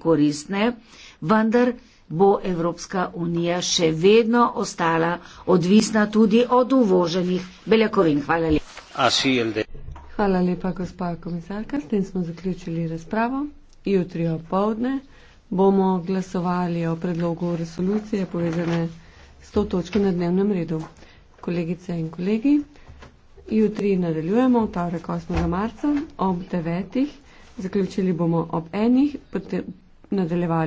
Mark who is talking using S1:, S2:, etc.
S1: koristne, vendar bo Evropska unija še vedno
S2: ostala odvisna tudi od uvoženih beljakovin. Hvala
S3: lepa.
S4: Hvala lepa, gospa komisarka. S tem smo zaključili razpravo. Jutri o povdne bomo glasovali o predlogu resolucije povezane s to točko na dnevnem redu. Kolegice in kolegi, jutri nadaljujemo, torej 8. marca ob 9. Zaključili bomo ob enih, potem
S5: nadaljevali.